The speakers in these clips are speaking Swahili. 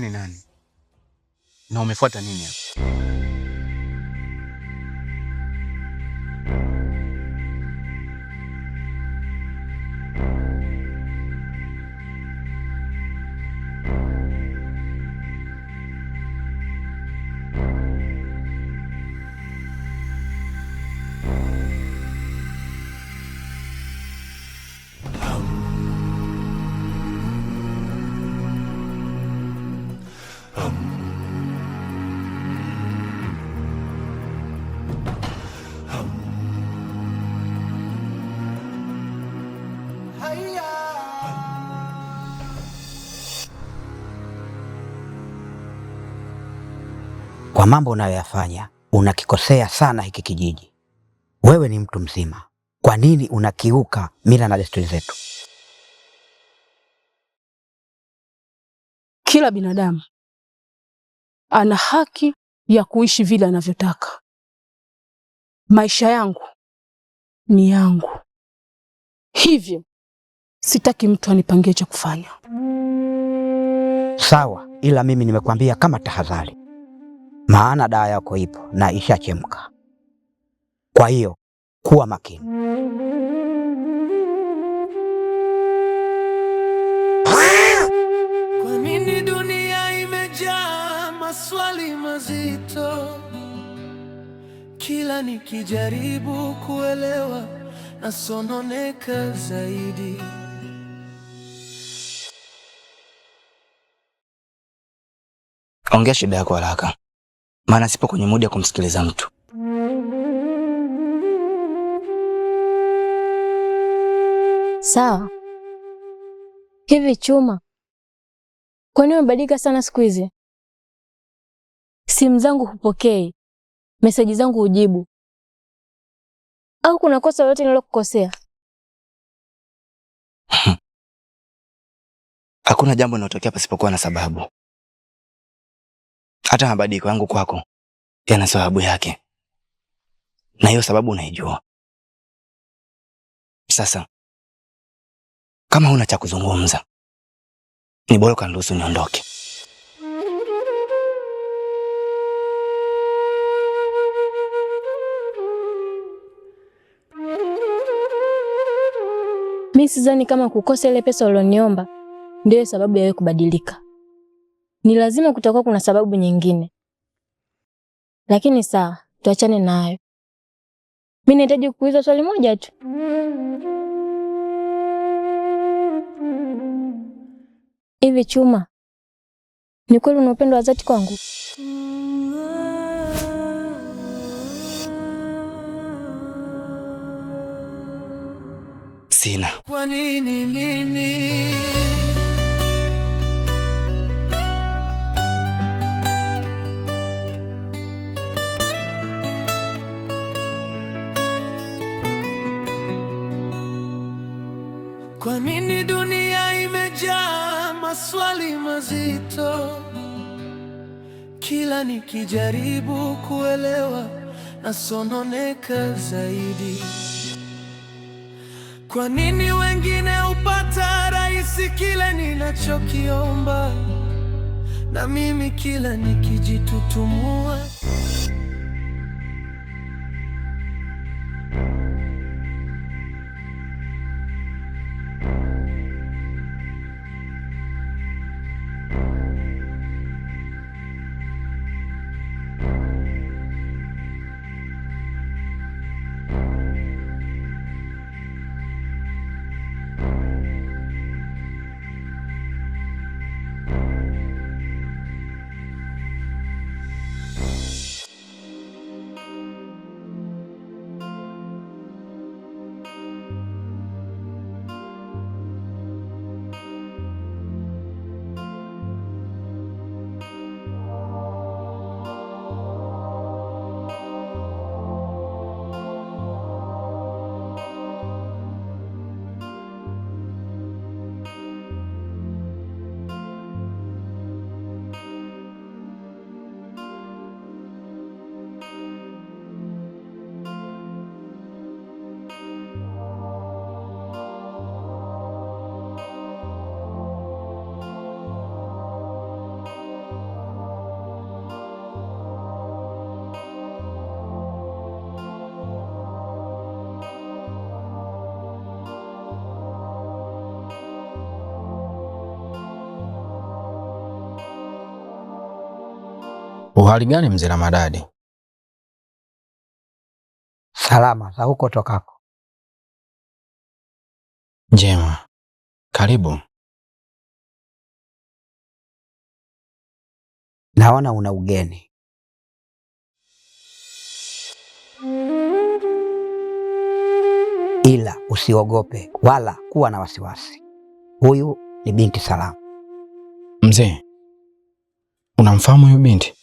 wewe ni nani na umefuata nini hapa? mambo unayoyafanya unakikosea sana hiki kijiji. Wewe ni mtu mzima, kwa nini unakiuka mila na desturi zetu? Kila binadamu ana haki ya kuishi vile anavyotaka. Maisha yangu ni yangu, hivyo sitaki mtu anipangie cha kufanya. Sawa, ila mimi nimekwambia kama tahadhari maana dawa yako ipo na ishachemka. Kwa hiyo kuwa makini. Kwa nini dunia imejaa maswali mazito? Kila nikijaribu kuelewa nasononeka zaidi. Ongea shida yako haraka maana sipo kwenye mudi ya kumsikiliza mtu. Sawa. Hivi Chuma, nini umebadilika sana siku hizi? Simu zangu hupokei, meseji zangu hujibu, au kuna kosa lolote nilokukosea hmm. Hakuna jambo linalotokea pasipokuwa na sababu. Hata mabadiliko yangu kwako yana sababu yake, na hiyo sababu unaijua. Sasa kama huna cha kuzungumza, ni bora ukaniruhusu niondoke. Mi sidhani kama kukosa ile pesa ulioniomba ndio sababu ya wewe kubadilika ni lazima kutakuwa kuna sababu nyingine, lakini sawa, tuachane nayo. Mimi nahitaji kuuliza swali moja tu. Hivi Chuma, ni kweli una upendo wa dhati kwangu? Sina. Kwa nini mimi? Kwa nini dunia imejaa maswali mazito? Kila nikijaribu kuelewa nasononeka zaidi. Kwa nini wengine hupata rahisi kile ninachokiomba, na mimi kila nikijitutumua Uhali gani mzee Ramadadi? Salama za huko tokako? Njema, karibu. Naona una ugeni. Ila usiogope wala kuwa na wasiwasi. Huyu ni binti Salama. Mzee, unamfahamu huyu binti?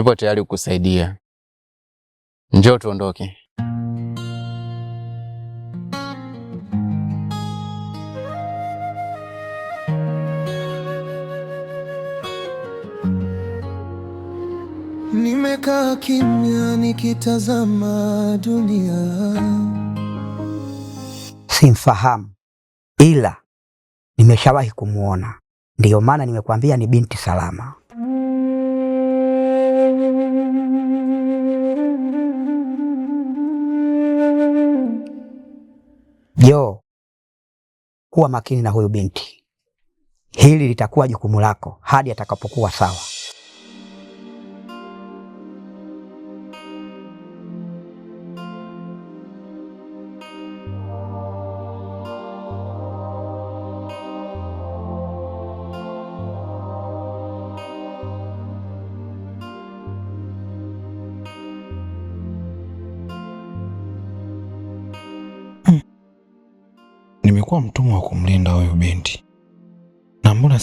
Nipo tayari kukusaidia. Njoo tuondoke. Nimekaa kimya nikitazama dunia. Simfahamu ila nimeshawahi kumwona, ndiyo maana nimekuambia ni binti salama. Joo, kuwa makini na huyu binti, hili litakuwa jukumu lako hadi atakapokuwa sawa.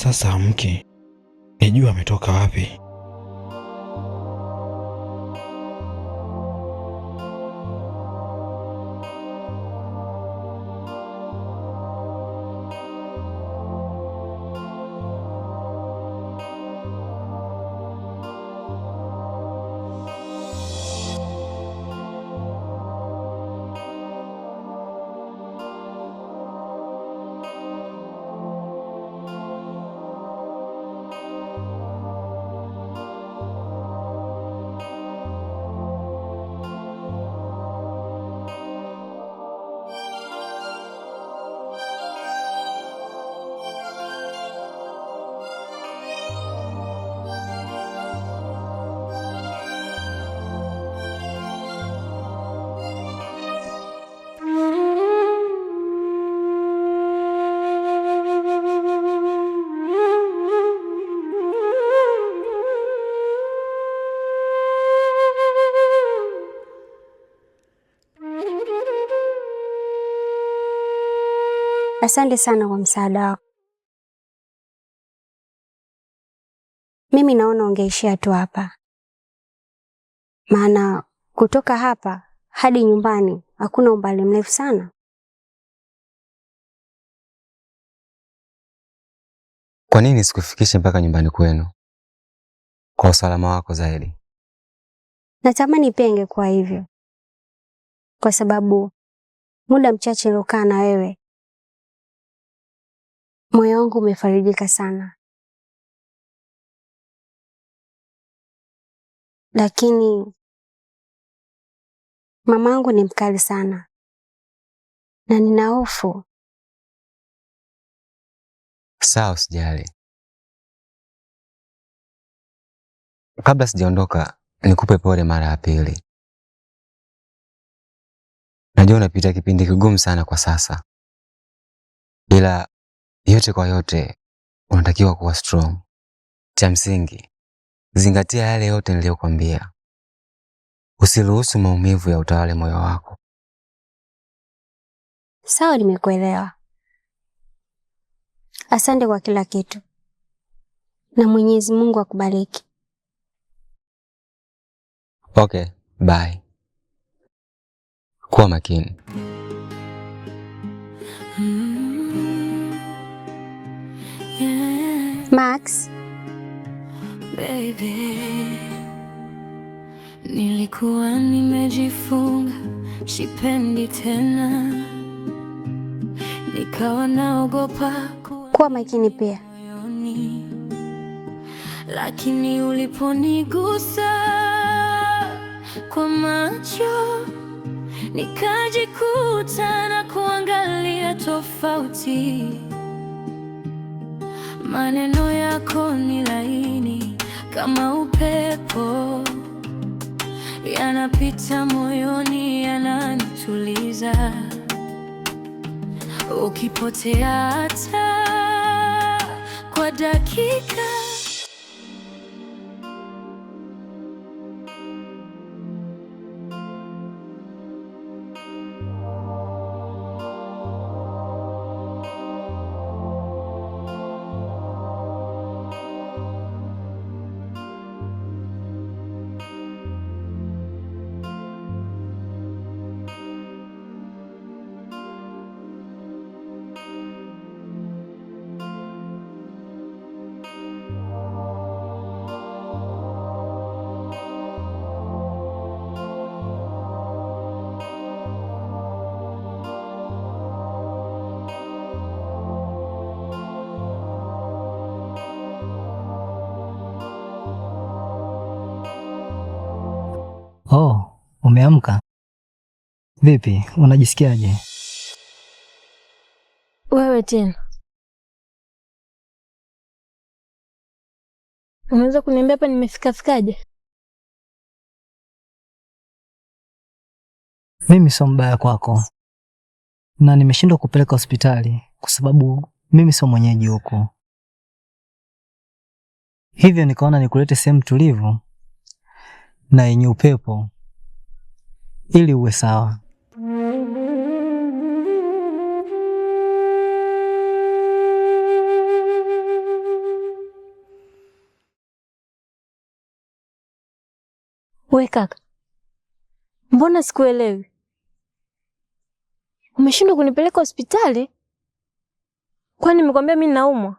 sasa amke, nijua ametoka wapi. Asante sana kwa msaada wako. Mimi naona ungeishia tu hapa, maana kutoka hapa hadi nyumbani hakuna umbali mrefu sana. Kwa nini sikufikishe mpaka nyumbani kwenu kwa usalama wako zaidi? Natamani pia ingekuwa hivyo, kwa sababu muda mchache niliokaa na wewe Moyo wangu umefarijika sana, lakini mamangu ni mkali sana na nina hofu. Sawa, usijali. Kabla sijaondoka, nikupe pole mara ya pili. Najua unapita kipindi kigumu sana kwa sasa, ila yote kwa yote, unatakiwa kuwa strong. Cha msingi, zingatia yale yote niliyokwambia. Usiruhusu maumivu ya utawale moyo wako. Sawa, nimekuelewa. Asante kwa kila kitu, na Mwenyezi Mungu akubariki. Okay, bye. Kuwa makini. Max. Baby, nilikuwa nimejifunga, sipendi tena, nikawa naogopa. Kuwa makini pia, lakini uliponigusa kwa macho nikajikuta na kuangalia tofauti Maneno yako ni laini kama upepo, yanapita moyoni, yananituliza. Ukipotea hata kwa dakika Umeamka vipi? Unajisikiaje wewe? Tena unaweza kuniambia hapa nimefikafikaje? Mimi sio mbaya kwako, na nimeshindwa kupeleka hospitali kwa sababu mimi sio mwenyeji huko, hivyo nikaona nikulete sehemu tulivu na yenye upepo ili uwe sawa. We kaka, mbona sikuelewi? Umeshindwa kunipeleka hospitali? Kwani nimekwambia mimi naumwa?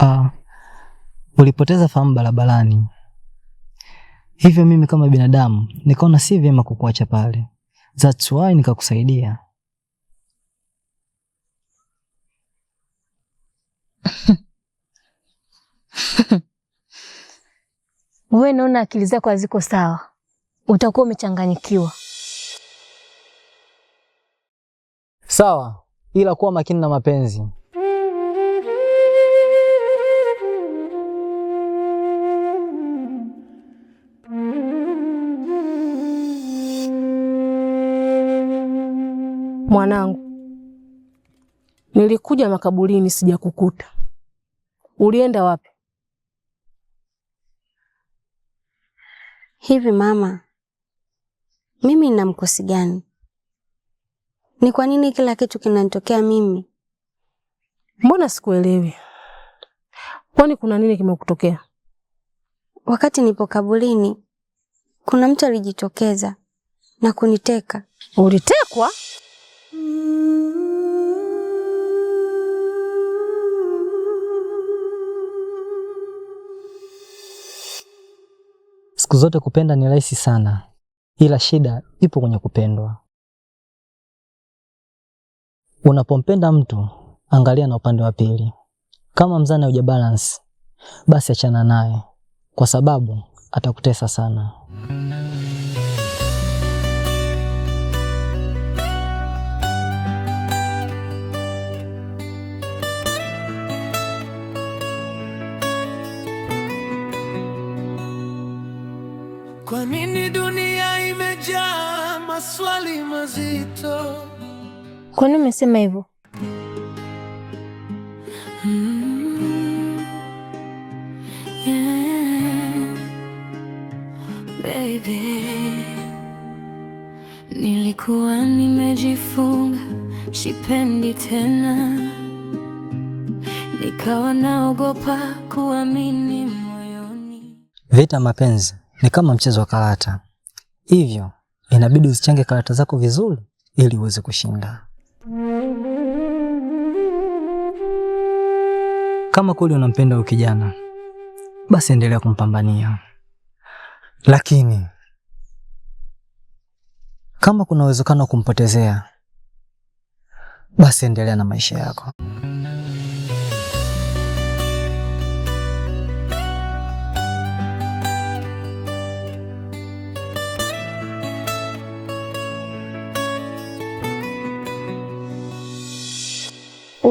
Ah, ulipoteza fahamu barabarani Hivyo mimi kama binadamu nikaona si vyema kukuacha pale, that's why nikakusaidia. Wewe naona akili zako haziko sawa, utakuwa umechanganyikiwa. Sawa, ila kuwa makini na mapenzi. Mwanangu, nilikuja makaburini sijakukuta. Ulienda wapi? Hivi mama, mimi nina mkosi gani? Ni kwa nini kila kitu kinanitokea mimi? Mbona sikuelewi? Kwani kuna nini kimekutokea? Wakati nipo kaburini, kuna mtu alijitokeza na kuniteka. Ulitekwa? Siku zote kupenda ni rahisi sana, ila shida ipo kwenye kupendwa. Unapompenda mtu, angalia na upande wa pili. Kama mzani uja balance, basi achana naye, kwa sababu atakutesa sana. Kwa nini dunia imejaa maswali mazito? Kwa nini umesema hivyo? Mm-hmm. baby, nilikuwa nimejifunga, sipendi tena, nikawa naogopa kuamini moyoni. Vita mapenzi ni kama mchezo wa karata, hivyo inabidi uzichange karata zako vizuri ili uweze kushinda. Kama kweli unampenda huyu kijana, basi endelea kumpambania, lakini kama kuna uwezekano wa kumpotezea, basi endelea na maisha yako.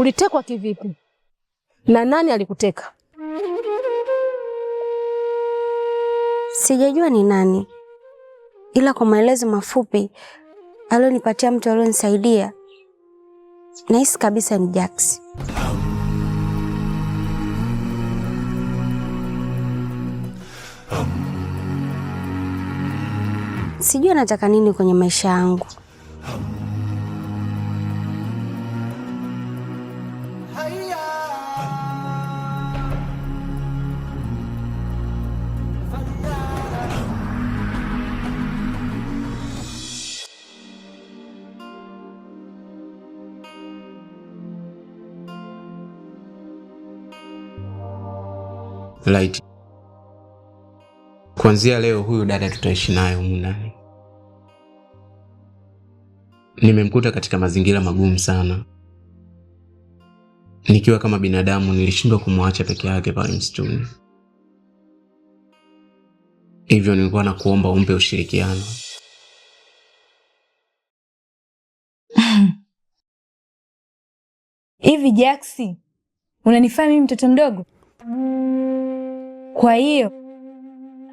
Ulitekwa kivipi na nani alikuteka? Sijajua ni nani, ila kwa maelezo mafupi alionipatia mtu alionisaidia, nahisi kabisa ni Jax. Sijui anataka nini kwenye maisha yangu. Light. Kuanzia leo huyu dada tutaishi naye humu ndani. Nimemkuta katika mazingira magumu sana. Nikiwa kama binadamu nilishindwa kumwacha peke yake pale msituni, hivyo nilikuwa na kuomba umpe ushirikiano. Hivi Jackson, unanifaa mimi mtoto mdogo? Kwa hiyo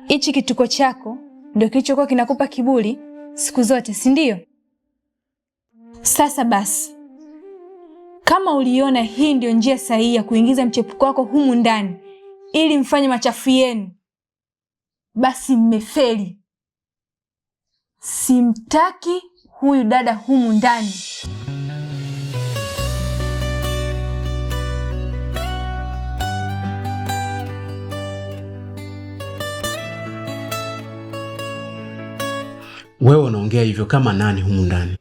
hichi kituko chako ndio kilichokuwa kinakupa kiburi siku zote, si ndio? Sasa basi, kama uliona hii ndio njia sahihi ya kuingiza mchepuko wako humu ndani ili mfanye machafu yenu, basi mmefeli. Simtaki huyu dada humu ndani. Wewe unaongea hivyo kama nani humu ndani?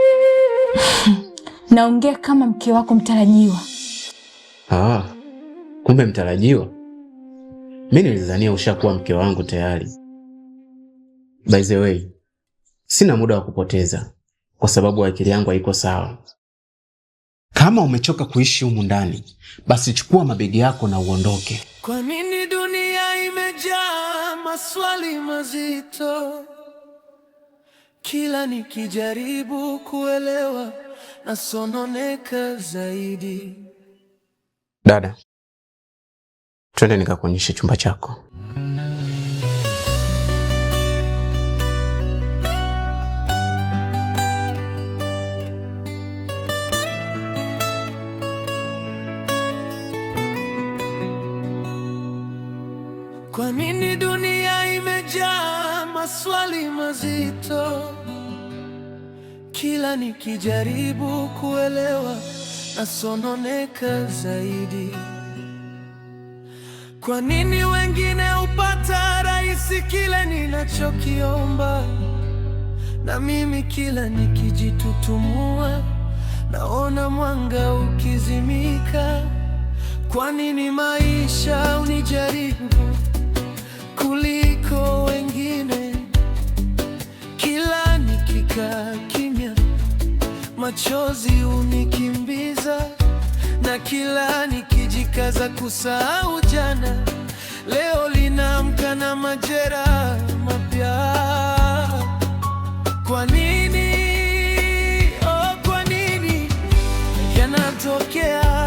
Naongea kama mke wako mtarajiwa. Ah, kumbe mtarajiwa? Mi nilizania ushakuwa mke wangu tayari. By the way, sina muda wa kupoteza kwa sababu akili yangu haiko sawa. Kama umechoka kuishi humu ndani, basi chukua mabegi yako na uondoke. Kwa nini maswali mazito, kila nikijaribu kuelewa nasononeka zaidi. Dada, twende nikakuonyeshe chumba chako. ndoto. Kila nikijaribu kuelewa, nasononeka zaidi. Kwa nini wengine hupata rahisi kile ninachokiomba, na mimi kila nikijitutumua, naona mwanga ukizimika? Kwa nini maisha unijaribu kuliko wengine? nikikaa kimya, machozi unikimbiza, na kila nikijikaza kusahau jana, leo linaamka na majeraha mapya. Kwa nini, oh, kwa nini yanatokea